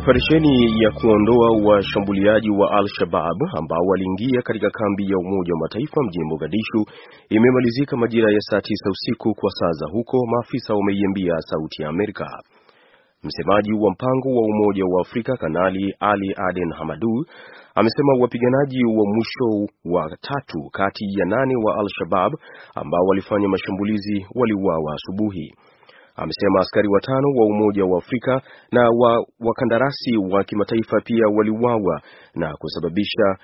Operesheni ya kuondoa washambuliaji wa Al-Shabab ambao waliingia katika kambi ya Umoja wa Mataifa mjini Mogadishu imemalizika majira ya saa tisa usiku kwa saa za huko, maafisa wameiambia Sauti ya Amerika. Msemaji wa mpango wa Umoja wa Afrika Kanali Ali Aden Hamadu amesema wapiganaji wa mwisho wa tatu kati ya nane wa Al-Shabab ambao walifanya mashambulizi waliuawa asubuhi amesema askari watano wa Umoja wa Afrika na wa wakandarasi wa kimataifa pia waliuawa na kusababisha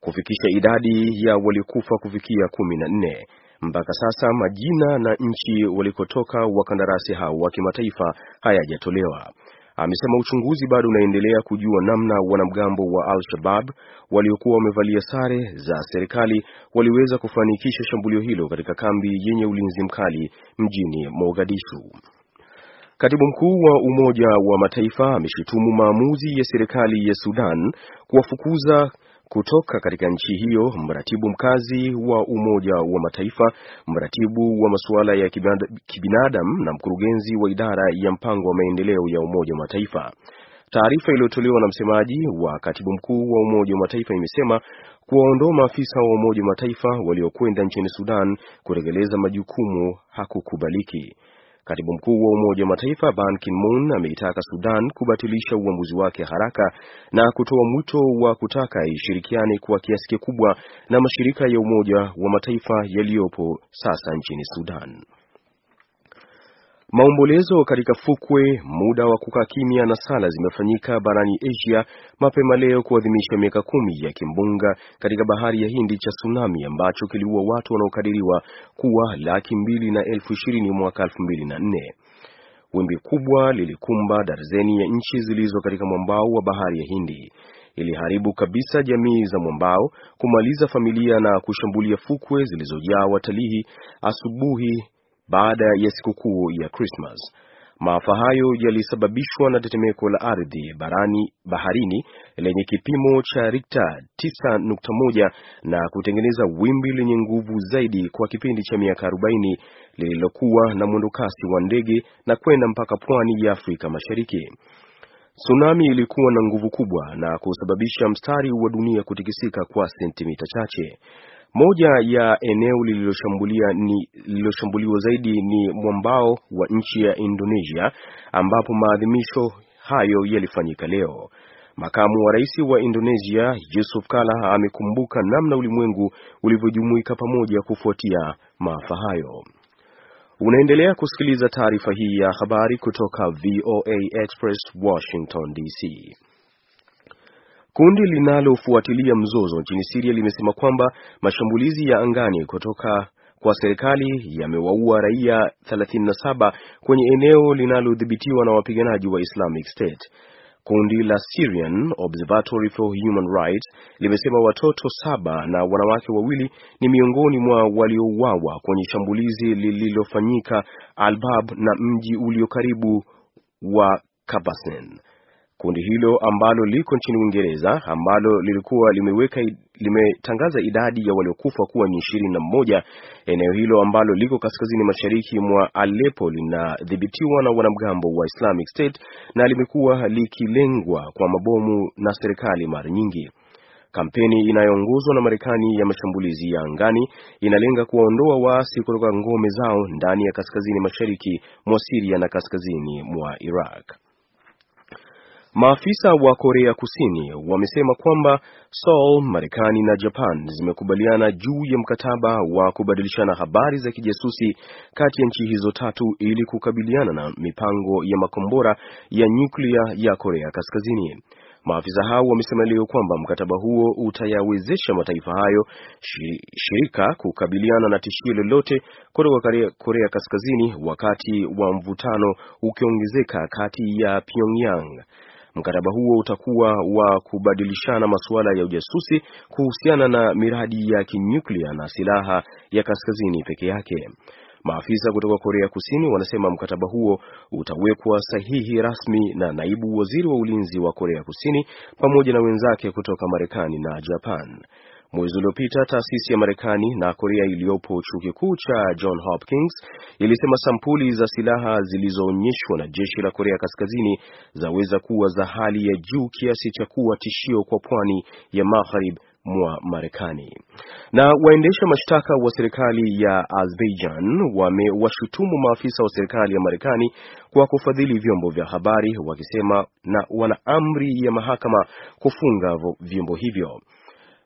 kufikisha idadi ya waliokufa kufikia kumi na nne. Mpaka sasa majina na nchi walikotoka wakandarasi hao wa kimataifa hayajatolewa amesema uchunguzi bado unaendelea kujua namna wanamgambo wa Al-Shabab waliokuwa wamevalia sare za serikali waliweza kufanikisha shambulio hilo katika kambi yenye ulinzi mkali mjini Mogadishu. Katibu mkuu wa Umoja wa Mataifa ameshutumu maamuzi ya serikali ya Sudan kuwafukuza kutoka katika nchi hiyo, mratibu mkazi wa Umoja wa Mataifa, mratibu wa masuala ya kibinadamu na mkurugenzi wa idara ya mpango wa maendeleo ya Umoja wa Mataifa. Taarifa iliyotolewa na msemaji wa katibu mkuu wa Umoja wa Mataifa imesema kuwaondoa maafisa wa Umoja wa Mataifa waliokwenda nchini Sudan kutekeleza majukumu hakukubaliki. Katibu mkuu wa Umoja wa Mataifa Ban Ki-moon ameitaka Sudan kubatilisha uamuzi wake haraka na kutoa mwito wa kutaka ishirikiane kwa kiasi kikubwa na mashirika ya Umoja wa Mataifa yaliyopo sasa nchini Sudan. Maombolezo katika fukwe, muda wa kukaa kimya na sala zimefanyika barani Asia mapema leo kuadhimisha miaka kumi ya kimbunga katika bahari ya Hindi cha tsunami ambacho kiliua watu wanaokadiriwa kuwa laki mbili na elfu ishirini mwaka elfu mbili na nne. Wimbi kubwa lilikumba darzeni ya nchi zilizo katika mwambao wa bahari ya Hindi. Iliharibu kabisa jamii za mwambao, kumaliza familia na kushambulia fukwe zilizojaa watalii asubuhi baada ya sikukuu ya Christmas. Maafa hayo yalisababishwa na tetemeko la ardhi barani baharini lenye kipimo cha rikta 9.1 na kutengeneza wimbi lenye nguvu zaidi kwa kipindi cha miaka 40 lililokuwa na mwendokasi wa ndege na kwenda mpaka pwani ya Afrika Mashariki. Tsunami ilikuwa na nguvu kubwa na kusababisha mstari wa dunia kutikisika kwa sentimita chache. Moja ya eneo lililoshambulia ni lililoshambuliwa zaidi ni mwambao wa nchi ya Indonesia ambapo maadhimisho hayo yalifanyika leo. Makamu wa Rais wa Indonesia Yusuf Kala amekumbuka namna ulimwengu ulivyojumuika pamoja kufuatia maafa hayo. Unaendelea kusikiliza taarifa hii ya habari kutoka VOA Express Washington DC. Kundi linalofuatilia mzozo nchini Siria limesema kwamba mashambulizi ya angani kutoka kwa serikali yamewaua raia 37 kwenye eneo linalodhibitiwa na wapiganaji wa Islamic State. Kundi la Syrian Observatory for Human Rights limesema watoto saba na wanawake wawili ni miongoni mwa waliouawa kwenye shambulizi lililofanyika Albab na mji ulio karibu wa Kabasen. Kundi hilo ambalo liko nchini Uingereza ambalo lilikuwa limeweka limetangaza idadi ya waliokufa kuwa ni ishirini na moja. Eneo hilo ambalo liko kaskazini mashariki mwa Aleppo linadhibitiwa na wanamgambo wa Islamic State na limekuwa likilengwa kwa mabomu na serikali mara nyingi. Kampeni inayoongozwa na Marekani ya mashambulizi ya angani inalenga kuwaondoa waasi kutoka ngome zao ndani ya kaskazini mashariki mwa Siria na kaskazini mwa Iraq. Maafisa wa Korea Kusini wamesema kwamba Seoul, Marekani na Japan zimekubaliana juu ya mkataba wa kubadilishana habari za kijasusi kati ya nchi hizo tatu ili kukabiliana na mipango ya makombora ya nyuklia ya Korea Kaskazini. Maafisa hao wamesema leo kwamba mkataba huo utayawezesha mataifa hayo shirika kukabiliana na tishio lolote kutoka Korea Kaskazini wakati wa mvutano ukiongezeka kati ya Pyongyang Mkataba huo utakuwa wa kubadilishana masuala ya ujasusi kuhusiana na miradi ya kinyuklia na silaha ya kaskazini peke yake. Maafisa kutoka Korea Kusini wanasema mkataba huo utawekwa sahihi rasmi na naibu waziri wa ulinzi wa Korea Kusini pamoja na wenzake kutoka Marekani na Japan. Mwezi uliopita taasisi ya Marekani na Korea iliyopo chuo kikuu cha John Hopkins ilisema sampuli za silaha zilizoonyeshwa na jeshi la Korea Kaskazini zaweza kuwa za hali ya juu kiasi cha kuwa tishio kwa pwani ya magharibi mwa Marekani. Na waendesha mashtaka wa serikali ya Azerbaijan wamewashutumu maafisa wa serikali ya Marekani kwa kufadhili vyombo vya habari wakisema na wana amri ya mahakama kufunga vyombo hivyo.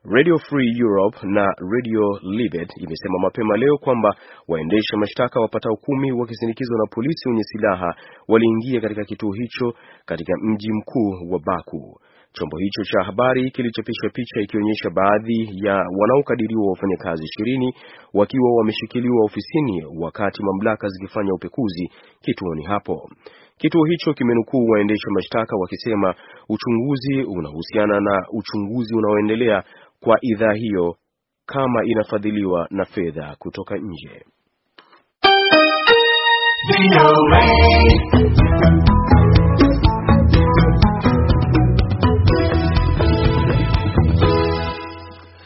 Radio Free Europe na Radio Liberty imesema mapema leo kwamba waendesha mashtaka wapatao kumi wakisindikizwa na polisi wenye silaha waliingia katika kituo hicho katika mji mkuu wa Baku. Chombo hicho cha habari kilichapisha picha ikionyesha baadhi ya wanaokadiriwa wafanyakazi ishirini wakiwa wameshikiliwa ofisini wakati mamlaka zikifanya upekuzi kituoni hapo. Kituo hicho kimenukuu waendesha mashtaka wakisema uchunguzi unahusiana na uchunguzi unaoendelea kwa idhaa hiyo kama inafadhiliwa na fedha kutoka nje.